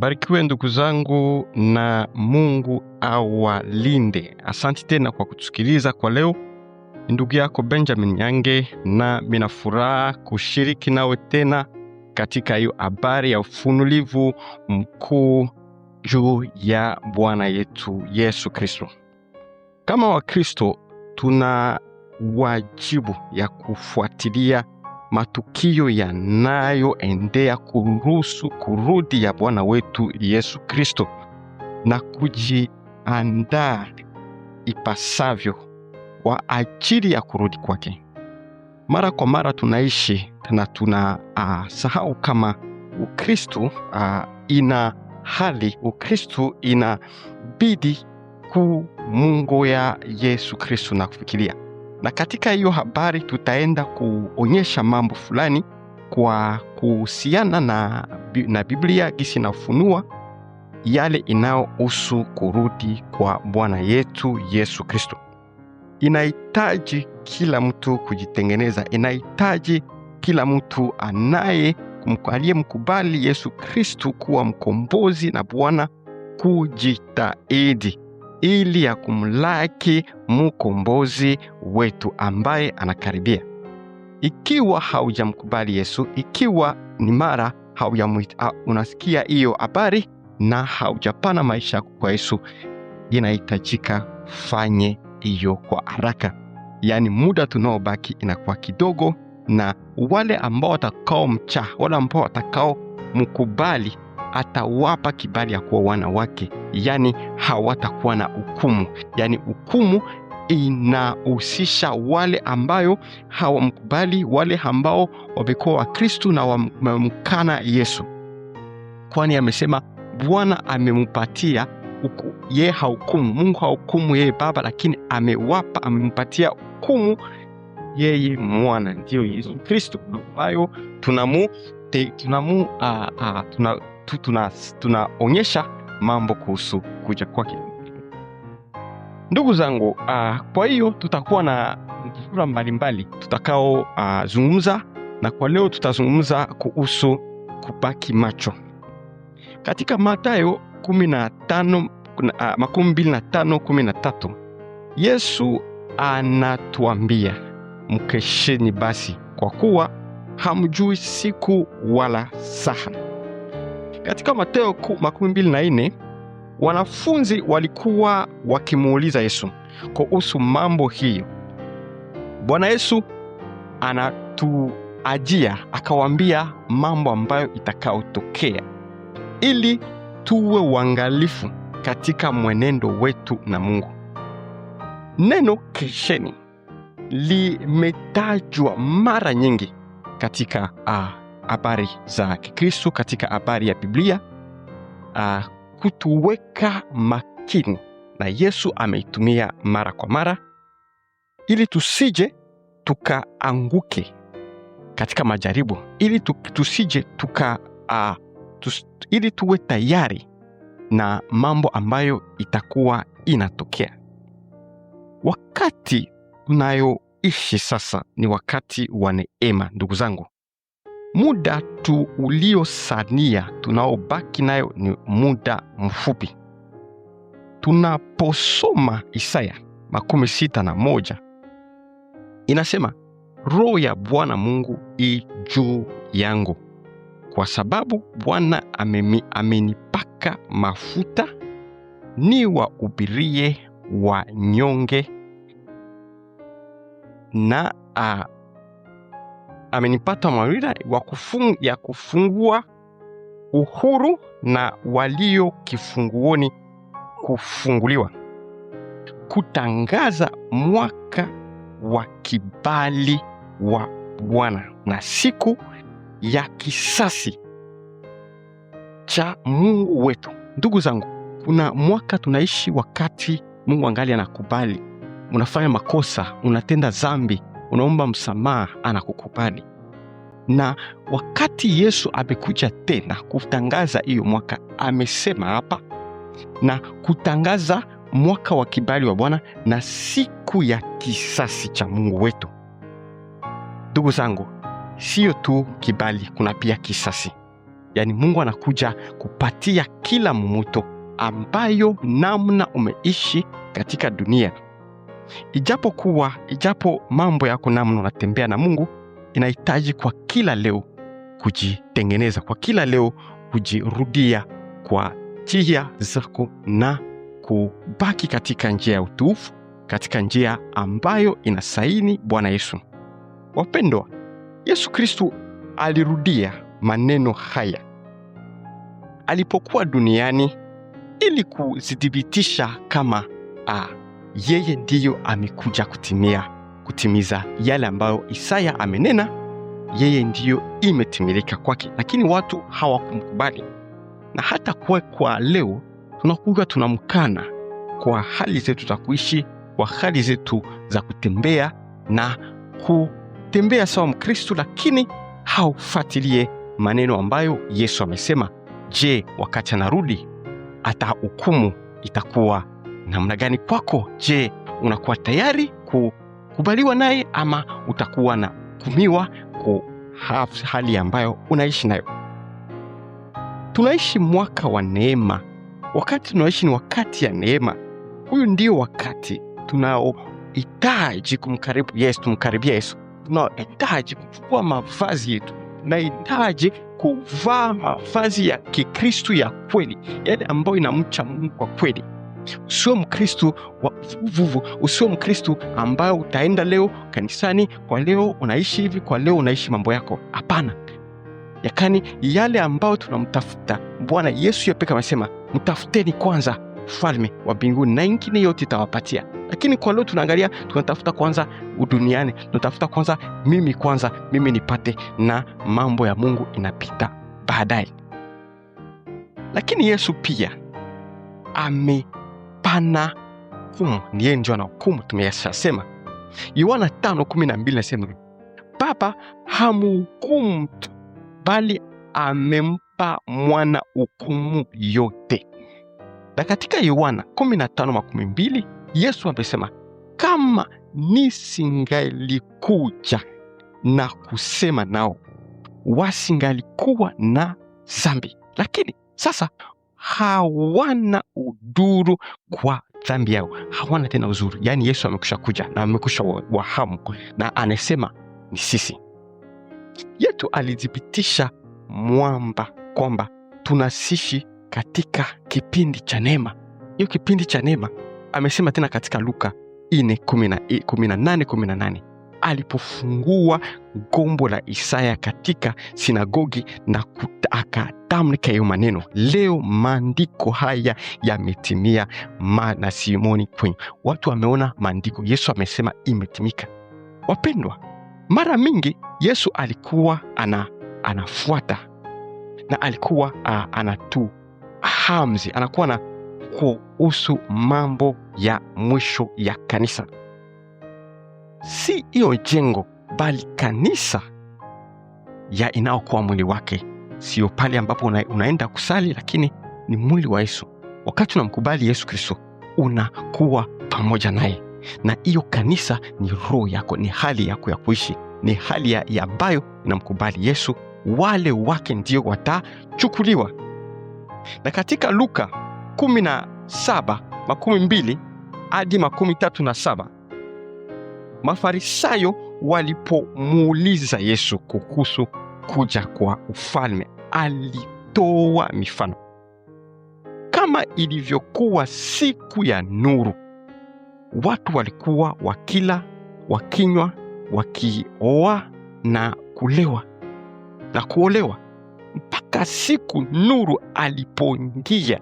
barikiwe ndugu zangu, na Mungu awalinde. Asanti tena kwa kutusikiliza kwa leo. Ndugu yako Benjamin yange na mina furaha kushiriki nawe tena katika hiyo habari ya ufunulivu mkuu juu ya Bwana yetu Yesu Kristo. Kama Wakristo tuna wajibu ya kufuatilia matukio yanayoendea kuruhusu kurudi ya Bwana wetu Yesu Kristo na kujiandaa ipasavyo kwa ajili ya kurudi kwake. Mara kwa mara tunaishi na tuna uh, sahau kama Ukristo uh, ina hali Ukristo ina bidi ku Mungu ya Yesu Kristo na kufikiria na katika hiyo habari tutaenda kuonyesha mambo fulani kwa kuhusiana na, na Biblia gisi inafunua yale inayohusu kurudi kwa Bwana yetu Yesu Kristo. Inahitaji kila mtu kujitengeneza, inahitaji kila mtu anaye aliyemkubali Yesu Kristu kuwa mkombozi na Bwana kujitahidi ili ya kumlaki mukombozi wetu ambaye anakaribia. Ikiwa haujamkubali Yesu, ikiwa ni mara haujamwita, ah, unasikia hiyo habari na haujapana maisha yako kwa Yesu, inahitajika fanye hiyo kwa haraka. Yaani, muda tunaobaki inakuwa kidogo, na wale ambao watakao mcha, wale ambao watakao mkubali atawapa kibali ya kuwa wana wake, yaani hawatakuwa na hukumu. Yaani hukumu inahusisha wale ambayo hawamkubali, wale ambao wamekuwa Wakristu na wamemkana Yesu, kwani amesema Bwana amemupatia ye hahukumu. Mungu hahukumu yeye Baba, lakini amewapa amempatia hukumu yeye mwana, ndiyo Yesu Kristo ambayo tunamu, te, tunamu, uh, uh, tuna, tu tunaonyesha tuna mambo kuhusu kuja kwake. Ndugu zangu, uh, kwa hiyo tutakuwa na mjadala mbalimbali tutakaozungumza, ah, uh, na kwa leo tutazungumza kuhusu kubaki macho katika matayo 15 uh, tatu Yesu anatuambia mkesheni basi, kwa kuwa hamjui siku wala saha. Katika Mateo makumi wanafunzi walikuwa wakimuuliza Yesu kuhusu mambo hiyo. Bwana Yesu anatuajia akawaambia mambo ambayo itakayotokea ili tuwe uangalifu katika mwenendo wetu na Mungu. Neno kesheni limetajwa mara nyingi katika uh, habari za Kikristo katika habari ya Biblia, uh, kutuweka makini na Yesu ameitumia mara kwa mara, ili tusije tukaanguke katika majaribu, ili tusije tuka, uh, tus, ili tuwe tayari na mambo ambayo itakuwa inatokea. Wakati unayoishi sasa ni wakati wa neema, ndugu zangu. Muda tu uliosania tunaobaki nayo ni muda mfupi. Tunaposoma Isaya makumi sita na moja inasema Roho ya Bwana Mungu i juu yangu, kwa sababu Bwana amenipaka mafuta ni wa ubirie wa nyonge na a amenipata mawila wa kufung, ya kufungua uhuru na walio kifunguoni kufunguliwa, kutangaza mwaka wa kibali wa Bwana na siku ya kisasi cha Mungu wetu. Ndugu zangu, kuna mwaka tunaishi wakati Mungu angali anakubali, unafanya makosa, unatenda zambi unaomba msamaha, anakukubali. Na wakati Yesu amekuja tena kutangaza hiyo mwaka, amesema hapa na kutangaza mwaka wa kibali wa Bwana na siku ya kisasi cha Mungu wetu. Ndugu zangu, siyo tu kibali, kuna pia kisasi. Yaani Mungu anakuja kupatia kila mmuto ambayo namna umeishi katika dunia Ijapokuwa, ijapo mambo yako namna unatembea na Mungu, inahitaji kwa kila leo kujitengeneza, kwa kila leo kujirudia kwa njia zako na kubaki katika njia ya utuufu katika njia ambayo inasaini Bwana Yesu. Wapendwa, Yesu Kristu alirudia maneno haya alipokuwa duniani ili kuzithibitisha kama a ah, yeye ndiyo amekuja kutimia kutimiza yale ambayo Isaya amenena, yeye ndiyo imetimilika kwake, lakini watu hawakumkubali. Na hata kwa, kwa leo tunakuja tunamkana kwa hali zetu za kuishi, kwa hali zetu za kutembea na kutembea sawa Mkristu, lakini haufuatilie maneno ambayo Yesu amesema. Je, wakati anarudi atahukumu itakuwa namna gani kwako? Je, unakuwa tayari kukubaliwa naye ama utakuwa na kumiwa ku hali ambayo unaishi nayo? Tunaishi mwaka wa neema, wakati tunaishi ni wakati ya neema. Huyu ndio wakati tunaohitaji kumkaribu Yesu, tumkaribia Yesu. tunaohitaji kuchukua mavazi yetu, tunahitaji kuvaa mavazi ya Kikristu ya kweli, yale ambayo inamcha Mungu kwa kweli. Usio mkristu wa uvuvu, usio mkristu ambayo utaenda leo kanisani, kwa leo unaishi hivi, kwa leo unaishi mambo yako. Hapana, yakani yale ambayo tunamtafuta Bwana Yesu yapeka amesema, mtafuteni kwanza ufalme wa mbinguni na ingine yote itawapatia. Lakini kwa leo tunaangalia, tunatafuta kwanza uduniani, tunatafuta kwanza mimi, kwanza mimi nipate, na mambo ya Mungu inapita baadaye. Lakini Yesu pia ame pana humu, ni yeye ndio anahukumu. tumeyasema Yohana tano kumi na mbili nasema Baba hamuhukumu mtu, bali amempa mwana hukumu yote. Na katika Yohana kumi na tano makumi mbili Yesu amesema kama nisingalikuja na kusema nao wasingalikuwa na zambi, lakini sasa hawana uduru kwa dhambi yao, hawana tena uzuru. Yaani Yesu amekusha kuja na amekusha wahamu na anasema ni sisi. yetu alithibitisha mwamba kwamba tunasishi katika kipindi cha neema. Hiyo kipindi cha neema amesema tena katika Luka 4:18 18 alipofungua gombo la Isaya katika sinagogi na akatamka hiyo maneno, leo maandiko haya yametimia. Maana Simoni kwenye watu wameona maandiko, Yesu amesema imetimika. Wapendwa, mara mingi Yesu alikuwa ana, anafuata na alikuwa uh, anatu hamzi anakuwa na kuhusu mambo ya mwisho ya kanisa si hiyo jengo bali kanisa ya inaokuwa mwili wake, sio pale ambapo una, unaenda kusali, lakini ni mwili wa Yesu. Wakati unamkubali Yesu Kristo unakuwa pamoja naye, na hiyo kanisa ni roho yako, ni hali yako ya kuishi, ni hali ya ambayo inamkubali Yesu. Wale wake ndio watachukuliwa. Na katika Luka 17 makumi mbili hadi makumi tatu na saba Mafarisayo walipomuuliza Yesu kuhusu kuja kwa ufalme, alitoa mifano kama ilivyokuwa siku ya nuru, watu walikuwa wakila, wakinywa, wakioa na kulewa na kuolewa mpaka siku nuru alipoingia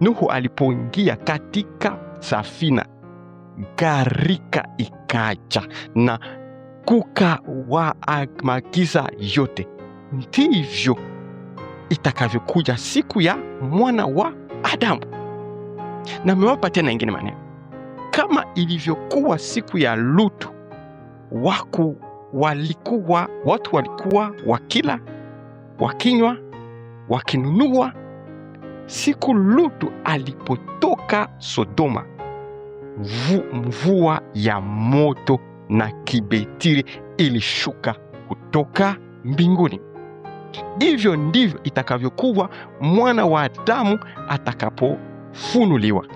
Nuhu alipoingia katika safina garika ikaja na kuka wa magiza yote, ndivyo itakavyokuja siku ya mwana wa Adamu. Na amewapa tena ingine maneno, kama ilivyokuwa siku ya Lutu, waku walikuwa watu walikuwa wakila wakinywa wakinunua, siku Lutu alipotoka Sodoma mvua ya moto na kibetiri ilishuka kutoka mbinguni. Hivyo ndivyo itakavyokuwa mwana wa Adamu atakapofunuliwa.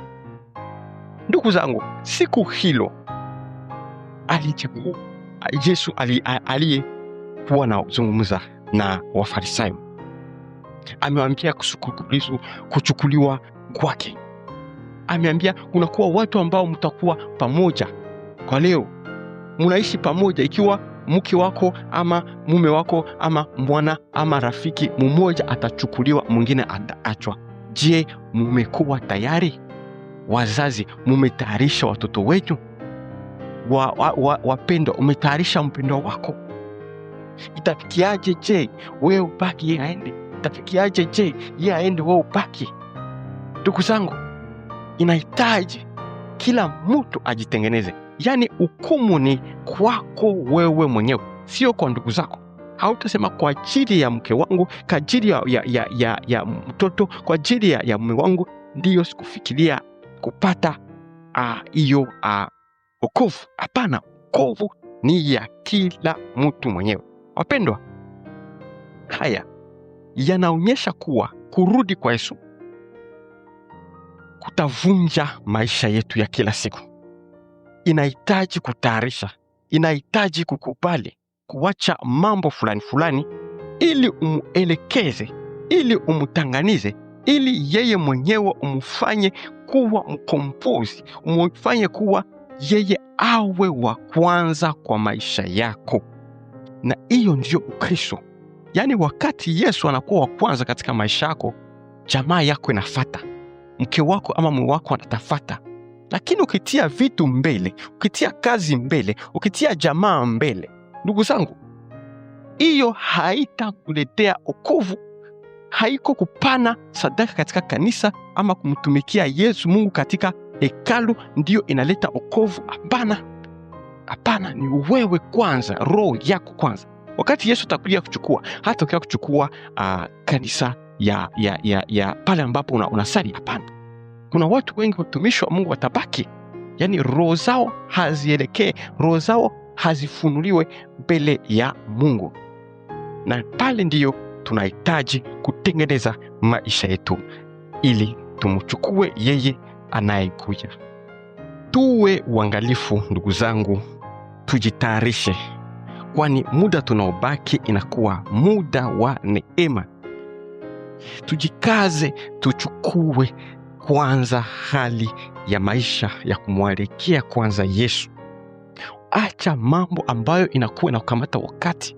Ndugu zangu, siku hilo alijibu Yesu aliyekuwa anazungumza na Wafarisayo, amewambia kuchukuliwa kwake ameambia kunakuwa watu ambao mtakuwa pamoja. Kwa leo munaishi pamoja, ikiwa mke wako ama mume wako ama mwana ama rafiki mmoja atachukuliwa mwingine ataachwa. Je, mumekuwa tayari? Wazazi, mumetayarisha watoto wenyu wa, wa, wa, umetayarisha mpendwa wako? Itafikiaje? Je, wewe upaki ye aende? Itafikiaje? Je, ye aende, wee upaki Ndugu zangu inahitaji kila mtu ajitengeneze. Yaani hukumu ni kwako wewe mwenyewe, sio kwa ndugu zako. Hautasema kwa ajili ya mke wangu, kwa ajili ya, ya, ya, ya, ya mtoto, kwa ajili ya, ya mume wangu ndiyo sikufikiria kupata hiyo ukovu Hapana, ukovu ni ya kila mtu mwenyewe. Wapendwa, haya yanaonyesha kuwa kurudi kwa Yesu kutavunja maisha yetu ya kila siku. Inahitaji kutayarisha, inahitaji kukubali kuacha mambo fulani fulani, ili umuelekeze, ili umutanganize, ili yeye mwenyewe umufanye kuwa mkombozi, umufanye kuwa yeye awe wa kwanza kwa maisha yako. Na hiyo ndiyo Ukristo. Yaani, wakati Yesu anakuwa wa kwanza katika maisha yako, jamaa yako inafata mke wako ama mume wako anatafata Lakini ukitia vitu mbele, ukitia kazi mbele, ukitia jamaa mbele, ndugu zangu, hiyo haitakuletea okovu. Haiko kupana sadaka katika kanisa ama kumtumikia Yesu Mungu katika hekalu ndiyo inaleta okovu. Hapana, hapana, ni wewe kwanza, roho yako kwanza. Wakati Yesu atakuja kuchukua, hata ukia kuchukua uh, kanisa ya, ya, ya, ya pale ambapo una, unasali. Hapana, kuna watu wengi watumishi wa Mungu watabaki, yaani roho zao hazielekee, roho zao hazifunuliwe mbele ya Mungu, na pale ndiyo tunahitaji kutengeneza maisha yetu ili tumchukue yeye anayekuja. Tuwe uangalifu ndugu zangu, tujitayarishe, kwani muda tunaobaki inakuwa muda wa neema. Tujikaze, tuchukue kwanza hali ya maisha ya kumwelekea kwanza Yesu. Acha mambo ambayo inakuwa inakukamata wakati.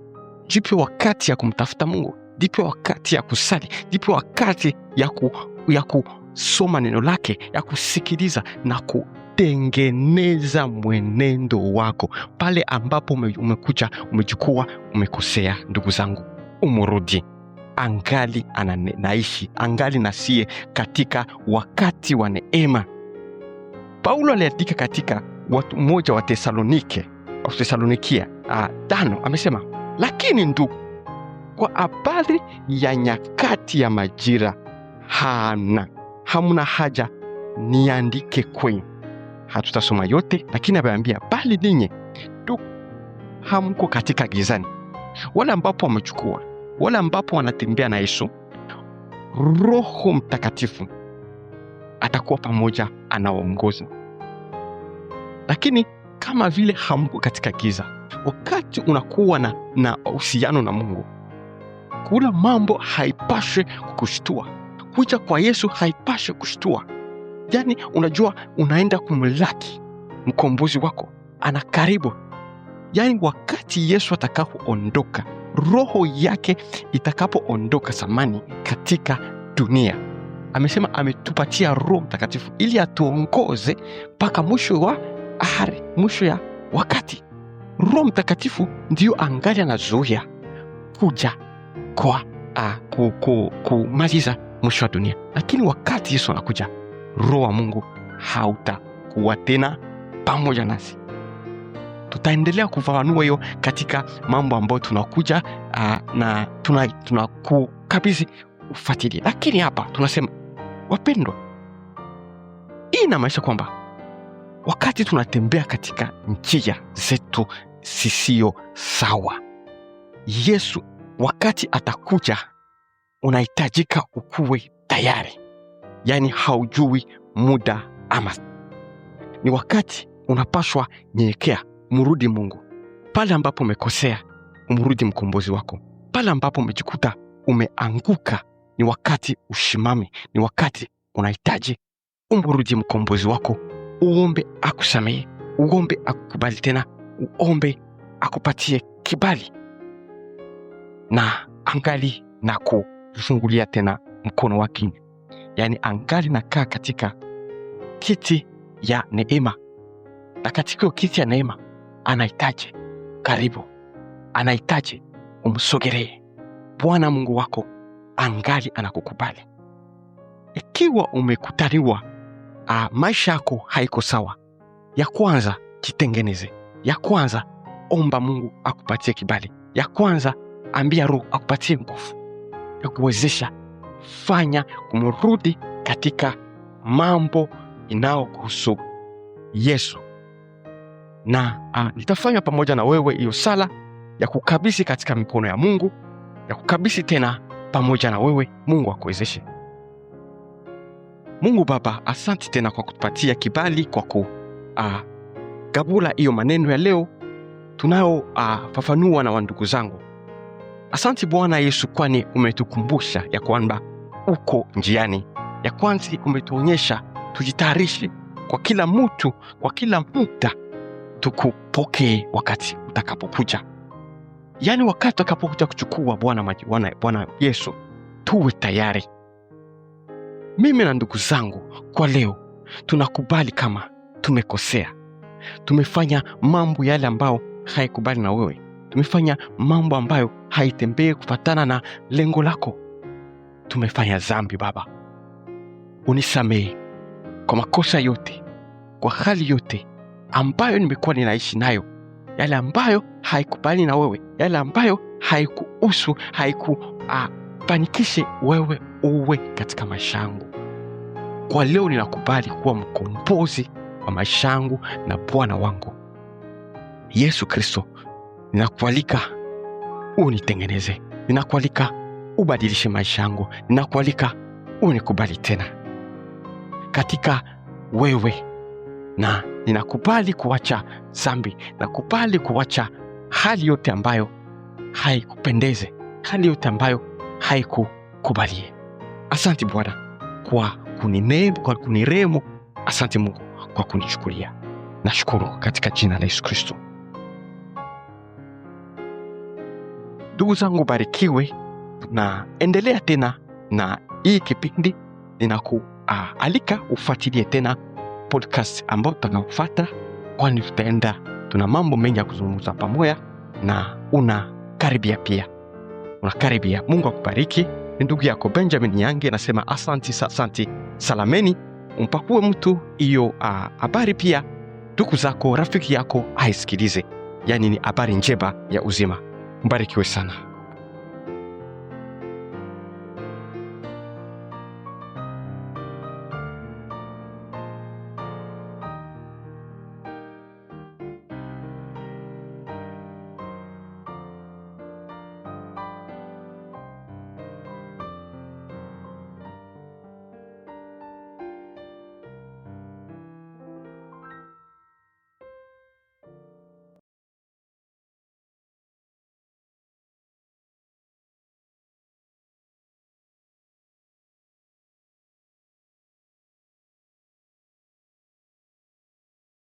Jipe wakati ya kumtafuta Mungu, jipe wakati ya kusali, jipe wakati ya, ku, ya kusoma neno lake, ya kusikiliza na ku tengeneza mwenendo wako pale ambapo umekucha, umejikuwa, umekosea. Ndugu zangu, umurudi angali anaishi, angali nasie katika wakati wa neema. Paulo aliandika katika watu mmoja wa Tesalonike Tesalonikia ah, tano, amesema lakini ndugu, kwa habari ya nyakati ya majira hana hamuna haja niandike kwenu. Hatutasoma yote, lakini ameambia bali ninye tu hamko katika gizani, wale ambapo wamechukua wale ambapo wanatembea na Yesu, Roho Mtakatifu atakuwa pamoja, anaongoza Lakini kama vile hamko katika giza, wakati unakuwa na uhusiano na, na Mungu, kula mambo haipashwe kukushtua. Kuja kwa Yesu haipashwe kushtua. Yani unajua unaenda kumlaki mkombozi wako, ana karibu. Yani wakati Yesu atakapoondoka roho yake itakapoondoka zamani katika dunia. Amesema ametupatia Roho Mtakatifu ili atuongoze mpaka mwisho wa ahari, mwisho ya wakati. Roho Mtakatifu ndiyo angali anazuia kuja kwa kumaliza mwisho wa dunia, lakini wakati Yesu anakuja, Roho wa Mungu hautakuwa tena pamoja nasi tutaendelea kufafanua hiyo katika mambo ambayo tunakuja uh, na tuna, tuna ufuatilie. Lakini hapa tunasema wapendwa, hii inamaanisha kwamba wakati tunatembea katika njia zetu zisiyo sawa, Yesu wakati atakuja, unahitajika ukuwe tayari. Yaani haujui muda ama ni wakati unapashwa nyenyekea mrudi Mungu. Pale ambapo umekosea, umrudi mkombozi wako. Pale ambapo umejikuta umeanguka, ni wakati ushimame, ni wakati unahitaji umrudi mkombozi wako, uombe akusamehe, uombe akukubali tena, uombe akupatie kibali na angali na kufungulia tena mkono wake, yaani angali nakaa katika kiti ya neema, na katika kiti ya neema anahitaji karibu, anahitaji umsogelee. Bwana Mungu wako angali anakukubali. Ikiwa umekutaliwa a, ah, maisha yako haiko sawa, ya kwanza jitengeneze, ya kwanza omba Mungu akupatie kibali, ya kwanza ambia Roho akupatie nguvu ya kuwezesha fanya kumurudi katika mambo inayokuhusu Yesu na a, ah, nitafanya pamoja na wewe hiyo sala ya kukabisi katika mikono ya Mungu, ya kukabisi tena pamoja na wewe. Mungu akuwezeshe. Mungu Baba, asante tena kwa kutupatia kibali kwa kugabula ah, hiyo maneno ya leo tunayofafanua ah, na wandugu zangu. Asante Bwana Yesu, kwani umetukumbusha ya kwamba uko njiani, ya kwanzi umetuonyesha tujitayarishe kwa kila mtu, kwa kila muda tukupokee wakati utakapokuja yaani wakati utakapokuja kuchukua bwana bwana yesu tuwe tayari mimi na ndugu zangu kwa leo tunakubali kama tumekosea tumefanya mambo yale ambayo haikubali na wewe tumefanya mambo ambayo haitembee kufatana na lengo lako tumefanya zambi baba unisamehe kwa makosa yote kwa hali yote ambayo nimekuwa ninaishi nayo, yale ambayo haikubali na wewe, yale ambayo haikuhusu, haikufanikishe uh, wewe uwe katika maisha yangu. Kwa leo ninakubali kuwa mkombozi wa maisha yangu na Bwana wangu Yesu Kristo. Ninakualika unitengeneze, ninakualika ubadilishe maisha yangu, ninakualika unikubali tena katika wewe na ninakubali kuwacha zambi, nakubali kuwacha hali yote ambayo haikupendeze, hali yote ambayo haikukubalie. Asante Bwana kwa kuniremu asanti Asante Mungu kwa kunichukulia. Nashukuru katika jina la Yesu Kristo. Ndugu zangu, barikiwe. endelea tena na hii kipindi, ninakualika ufuatilie tena podcast ambayo tutakaofuata, kwani tutaenda, tuna mambo mengi ya kuzungumza pamoja na unakaribia pia, unakaribia. Mungu akubariki. Ni ndugu yako Benjamin Yange nasema asanti, asanti. Salameni, umpakue mtu hiyo ah, habari pia ndugu zako, rafiki yako aisikilize, yaani ni habari njema ya uzima. Mbarikiwe sana.